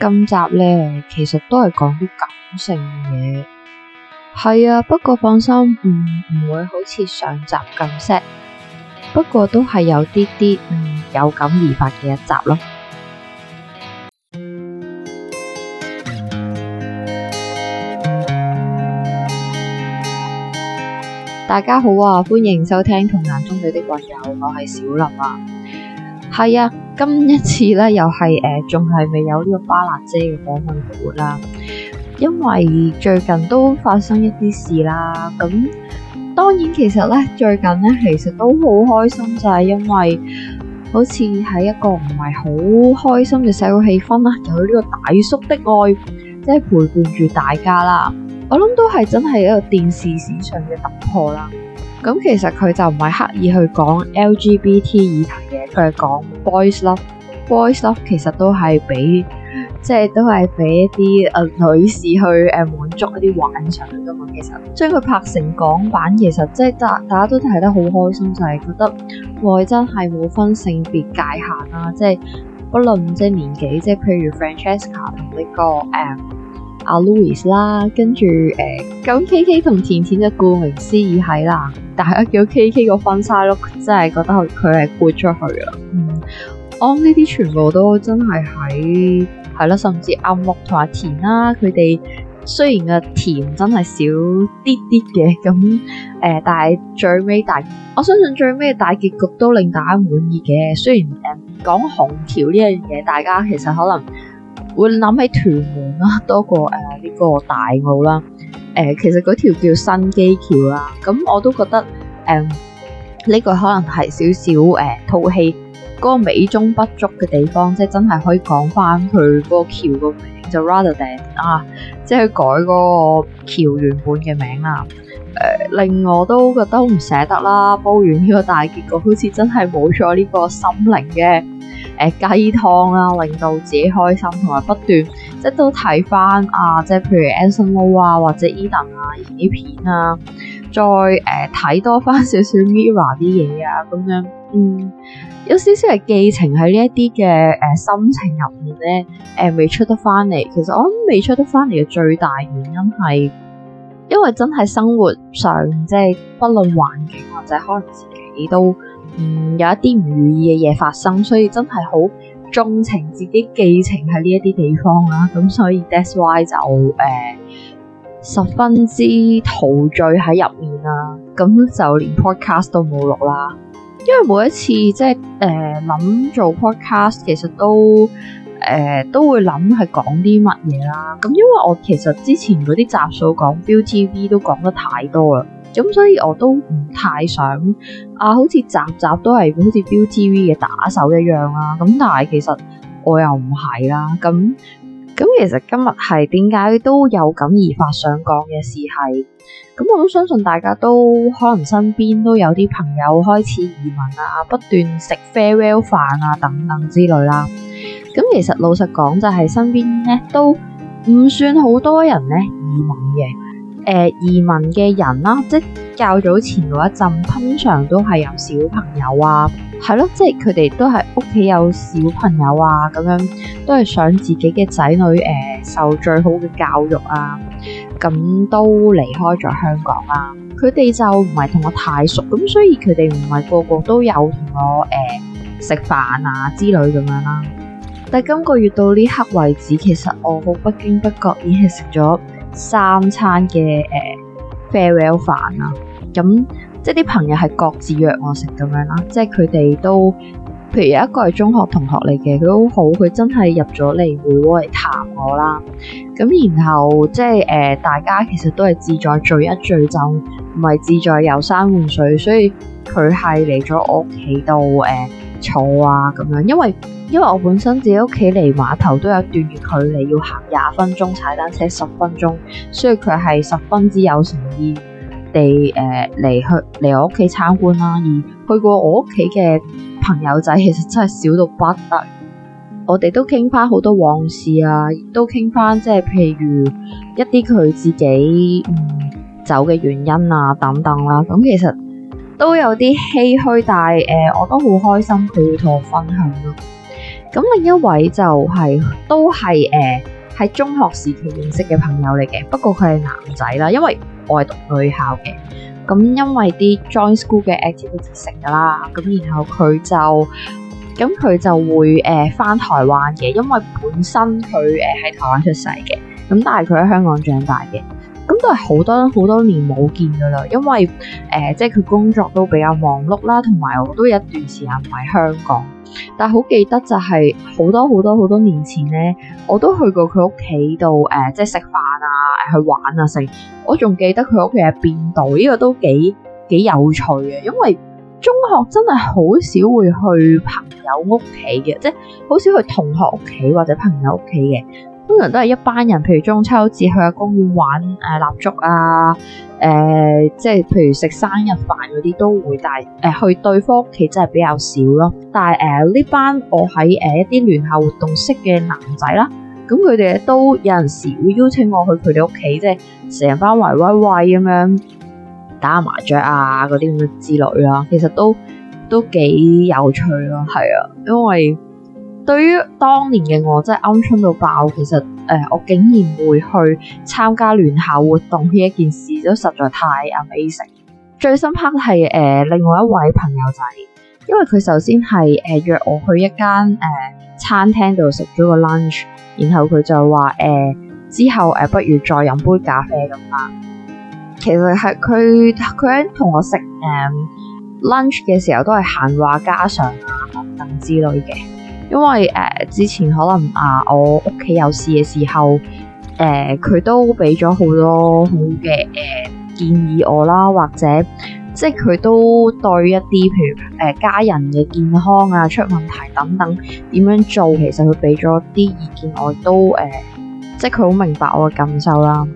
今集咧，其實都係講啲感性嘅嘢，係啊。不過放心，唔、嗯、唔會好似上集咁 sad。不過都係有啲啲，嗯，有感而發嘅一集咯。 大家好啊，歡迎收聽《同男中女的密友》，我係小林啊。係啊。今一次咧，又係誒、呃，仲係未有呢個巴拿姐嘅訪問活啦。因為最近都發生一啲事啦，咁當然其實咧，最近咧其實都好開心就係，因為好似喺一個唔係好開心嘅社會氣氛啦，有呢個大叔的愛，即係陪伴住大家啦。我諗都係真係一個電視史上嘅突破啦。咁其實佢就唔係刻意去講 LGBT 議題。佢係講 boys love，boys love 其實都係俾即係都係俾一啲誒、呃、女士去誒滿足一啲幻想噶嘛。其實將佢拍成港版，其實即係大大家都睇得好開心，就係、是、覺得愛真係冇分性別界限啦、啊。即係不論即係年紀，即係譬如 Francesca 同呢、這個誒。嗯阿 Louis 啦，跟住誒，咁 K K 同甜甜就顧名思義係啦，大家叫 K K 個婚紗咯，真係覺得佢佢係豁出去啊！嗯，哦，呢啲全部都真係喺係啦，甚至阿木同阿田啦，佢哋雖然嘅甜真係少啲啲嘅，咁誒、呃，但係最尾大，我相信最尾嘅大結局都令大家滿意嘅。雖然誒、呃、講恐懼呢樣嘢，大家其實可能。會諗起屯門啦，多過誒呢個大澳啦。誒，其實嗰條叫新基橋啦，咁我都覺得誒呢個可能係少少誒套戲嗰個美中不足嘅地方，即係真係可以講翻佢嗰個橋個名就 rather than 啊，即係改嗰個橋原本嘅名啦。誒，令我都覺得好唔捨得啦，煲完呢個大結局好似真係冇咗呢個心靈嘅。誒、呃、雞湯啦、啊，令到自己開心，同埋不斷即都睇翻啊，即係譬如 Anson Lo 啊，或者 Edan 啊，以前啲片啊，再誒睇、呃、多翻少少 Mirror 啲嘢啊，咁樣，嗯，有少少係寄情喺呢一啲嘅誒心情入面咧，誒、呃、未出得翻嚟。其實我諗未出得翻嚟嘅最大原因係，因為真係生活上即係，不論環境或者可能自己都。嗯，有一啲唔如意嘅嘢發生，所以真係好鍾情自己寄情喺呢一啲地方啦。咁所以 that's why 就誒、呃、十分之陶醉喺入面啦。咁就連 podcast 都冇錄啦，因為每一次即係誒諗做 podcast，其實都誒、呃、都會諗係講啲乜嘢啦。咁因為我其實之前嗰啲集數講 ViuTV 都講得太多啦。咁所以我都唔太想啊，好似集集都係好似 ViuTV 嘅打手一樣啦。咁但係其實我又唔係啦。咁咁其實今日係點解都有感而發想講嘅事係，咁我都相信大家都可能身邊都有啲朋友開始移民啊，不斷食 farewell 飯啊等等之類啦。咁其實老實講就係身邊咧都唔算好多人咧移民嘅。誒、呃、移民嘅人啦，即係較早前嗰陣，通常都係有小朋友啊，係咯，即係佢哋都係屋企有小朋友啊，咁樣都係想自己嘅仔女誒、呃、受最好嘅教育啊，咁都離開咗香港啦、啊。佢哋就唔係同我太熟，咁所以佢哋唔係個個都有同我誒、呃、食飯啊之類咁樣啦、啊。但係今個月到呢刻為止，其實我好不經不覺已經係食咗三餐嘅誒、uh, farewell 飯、啊，啦，咁即係啲朋友係各自約我食咁樣啦，即係佢哋都，譬如有一個係中學同學嚟嘅，佢都好，佢真係入咗嚟會嚟談我啦，咁然後即係誒、uh, 大家其實都係志在聚一聚，就唔係志在遊山玩水，所以佢係嚟咗我屋企度誒。Uh, 坐啊，咁樣，因為因為我本身自己屋企離碼頭都有段距離，要行廿分鐘，踩單車十分鐘，所以佢係十分之有誠意地誒嚟、呃、去嚟我屋企參觀啦。而去過我屋企嘅朋友仔，其實真係少到不得。我哋都傾翻好多往事啊，都傾翻即係譬如一啲佢自己嗯走嘅原因啊等等啦、啊。咁其實。都有啲唏噓，但係誒、呃，我都好開心佢會同我分享咯。咁另一位就係、係、都係誒喺中學時期認識嘅朋友嚟嘅，不過佢係男仔啦，因為我係讀女校嘅。咁因為啲 join school 嘅 activity 識噶啦，咁然後佢就咁佢就會誒返、呃、台灣嘅，因為本身佢誒喺台灣出世嘅，咁但係佢喺香港長大嘅。都係好多好多年冇見噶啦，因為誒、呃，即係佢工作都比較忙碌啦，同埋我都有一段時間唔喺香港。但係好記得就係好多好多好多年前呢，我都去過佢屋企度誒，即係食飯啊，去玩啊，食。我仲記得佢屋企喺邊度，呢、這個都幾幾有趣嘅。因為中學真係好少會去朋友屋企嘅，即係好少去同學屋企或者朋友屋企嘅。通常都係一班人，譬如中秋節去啊公園玩誒蠟燭啊，誒即係譬如食生日飯嗰啲都會帶誒去對方屋企，真係比較少咯。但係誒呢班我喺誒一啲聯校活動識嘅男仔啦，咁佢哋都有陣時會邀請我去佢哋屋企，即係成班圍威喂咁樣打下麻雀啊嗰啲咁樣之類啦。其實都都幾有趣咯，係啊，因為。對於當年嘅我，真係鵪鶉到爆。其實誒、呃，我竟然會去參加聯校活動呢一件事，都實在太 Amazing。最深刻係誒、呃，另外一位朋友仔，因為佢首先係誒、呃、約我去一間誒、呃、餐廳度食咗個 lunch，然後佢就話誒、呃、之後誒、呃，不如再飲杯咖啡咁啦。其實係佢佢同我食誒、呃、lunch 嘅時候都、啊，都係閒話家常啊等之類嘅。因為誒、呃，之前可能啊，我屋企有事嘅時候，誒、呃，佢都俾咗好多好嘅誒建議我啦，或者即係佢都對一啲譬如誒、呃、家人嘅健康啊出問題等等點樣做，其實佢俾咗啲意見我，我都誒、呃、即係佢好明白我嘅感受啦。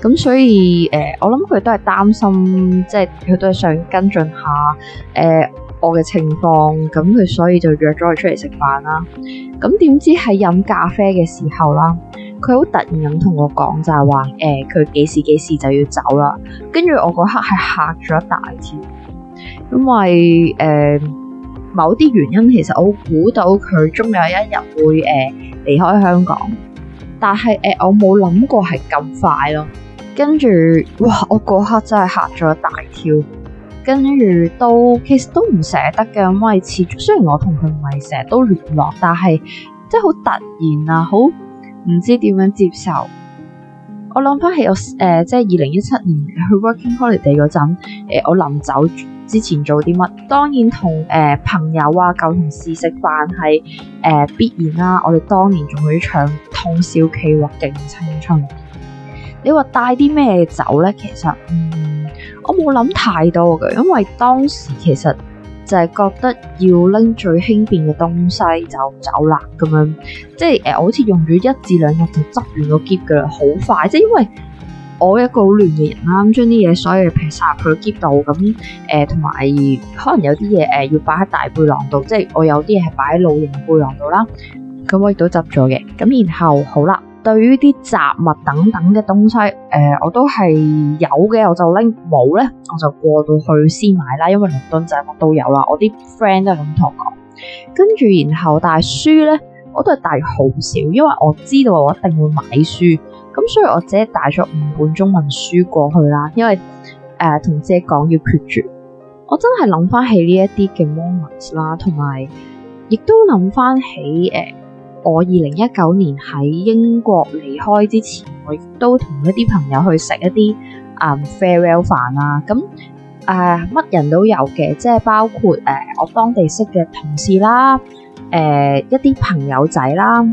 咁所以誒、呃，我諗佢都係擔心，即係佢都係想跟進下誒。呃我嘅情況，咁佢所以就約咗佢出嚟食飯啦。咁點知喺飲咖啡嘅時候啦，佢好突然咁同我講就係話，誒，佢幾時幾時就要走啦。跟住我嗰刻係嚇咗一大跳，因為誒某啲原因，其實我估到佢終有一日會誒離開香港，但係誒我冇諗過係咁快咯。跟住哇，我嗰刻真係嚇咗一大跳。跟住都其實都唔捨得嘅，因為始終雖然我同佢唔係成日都聯絡，但係即係好突然啊，好唔知點樣接受。我諗翻起我誒、呃、即係二零一七年去 Working Holiday 嗰陣、呃，我臨走之前做啲乜？當然同誒、呃、朋友啊、舊同事食飯係誒、呃、必然啦、啊。我哋當年仲去唱《通宵企劃，勁青春》。你話帶啲咩嘢走咧？其實、嗯、我冇諗太多嘅，因為當時其實就係覺得要拎最輕便嘅東西就走啦咁樣。即係、呃、我好似用咗一至兩日就執完個箧嘅，好快。即係因為我一個好亂嘅人啦，咁將啲嘢所有嘅平晒去箧度，咁誒，同、呃、埋可能有啲嘢誒要擺喺大背囊度，即係我有啲嘢係擺喺露營背囊度啦。咁我亦都執咗嘅。咁然後好啦。對於啲雜物等等嘅東西，誒、呃，我都係有嘅，我就拎冇咧，我就過到去先買啦。因為倫敦就係乜都有啦，我啲 friend 都係咁同我講。跟住、然後，帶書咧，我都係帶好少，因為我知道我一定會買書，咁所以我只係帶咗五本中文書過去啦。因為誒，同、呃、姐講要決絕，我真係諗翻起呢一啲嘅 moment 啦，同埋亦都諗翻起誒。呃我二零一九年喺英國離開之前，我亦都同一啲朋友去食一啲啊 farewell 飯啊，咁誒乜人都有嘅，即係包括誒我當地識嘅同事啦，誒一啲朋友仔啦，誒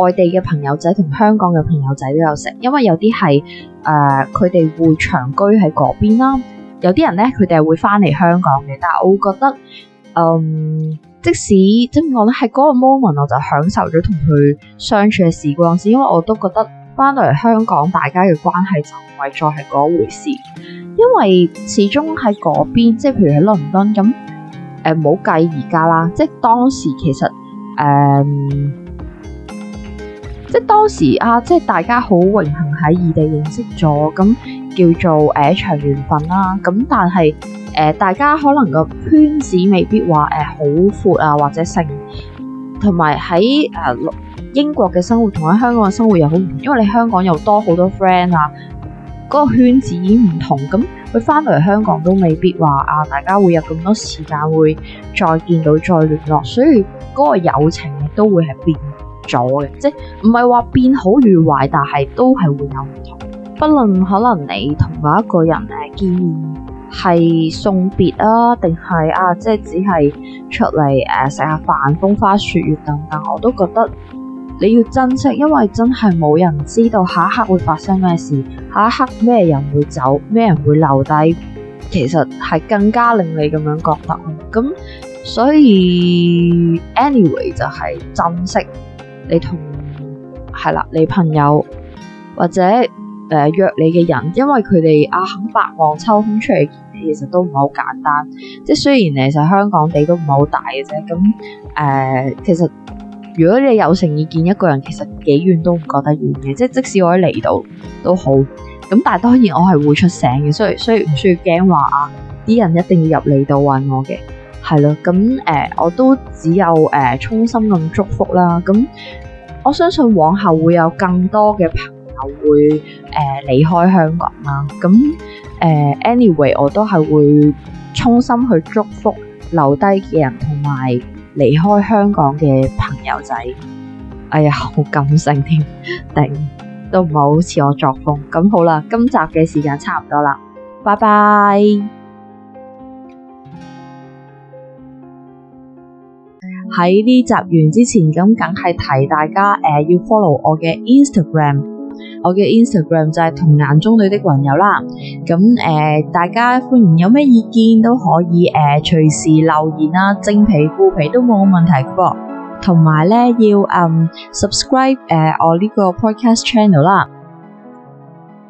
外地嘅朋友仔同香港嘅朋友仔都有食，因為有啲係誒佢哋會長居喺嗰邊啦，有啲人咧佢哋係會翻嚟香港嘅，但係我會覺得嗯。即使即係點講咧，喺嗰個 moment 我就享受咗同佢相處嘅時光先，因為我都覺得翻到嚟香港大家嘅關係就唔係再係嗰回事，因為始終喺嗰邊，即係譬如喺倫敦咁，誒，冇計而家啦，即係當時其實誒。嗯即係當時啊，即係大家好榮幸喺異地認識咗，咁叫做誒一場、呃、緣分啦。咁、啊、但係誒、呃、大家可能個圈子未必話誒好闊啊，或者成同埋喺誒英國嘅生活同喺香港嘅生活又好唔同，因為你香港又多好多 friend 啊，嗰、嗰個圈子唔同，咁佢翻到嚟香港都未必話啊，大家會有咁多時間會再見到再聯絡，所以嗰個友情都會係變咗嘅，即係唔係話變好與壞，但係都係會有唔同。不論可能你同某一個人誒見面係送別啊，定係啊，即係只係出嚟誒食下飯、風花雪月等等，我都覺得你要珍惜，因為真係冇人知道下一刻會發生咩事，下一刻咩人會走，咩人會留低。其實係更加令你咁樣覺得咁，所以 anyway 就係珍惜。你同係啦，你朋友或者誒、呃、約你嘅人，因為佢哋啊，肯百忙抽空出嚟見你，其實都唔係好簡單。即係雖然其實香港地都唔係好大嘅啫。咁誒、呃，其實如果你有誠意見一個人，其實幾遠都唔覺得遠嘅。即係即，即使我喺離島都好，咁但係當然我係會出聲嘅，所以所以唔需要驚話啊啲人一定要入嚟度揾我嘅。係咯，咁、呃、我都只有、呃、衷心咁祝福啦。咁我相信往後會有更多嘅朋友會呃離、呃、開香港啦。咁 anyway，我都係會衷心去祝福留低嘅人同埋離開香港嘅朋友仔。哎呀，好感性添，頂 都唔係好似我作風。咁好啦，今集嘅時間差唔多啦，拜拜。喺呢集完之前，咁梗係提大家，誒、呃，要 follow 我嘅 Instagram，我嘅 Instagram 就係同眼中女的朋友啦。咁誒、呃，大家歡迎，有咩意見都可以誒、呃，隨時留言啦，正皮負皮都冇問題噶。同埋咧，要、um, subscribe 誒、呃，我呢個 podcast channel 啦。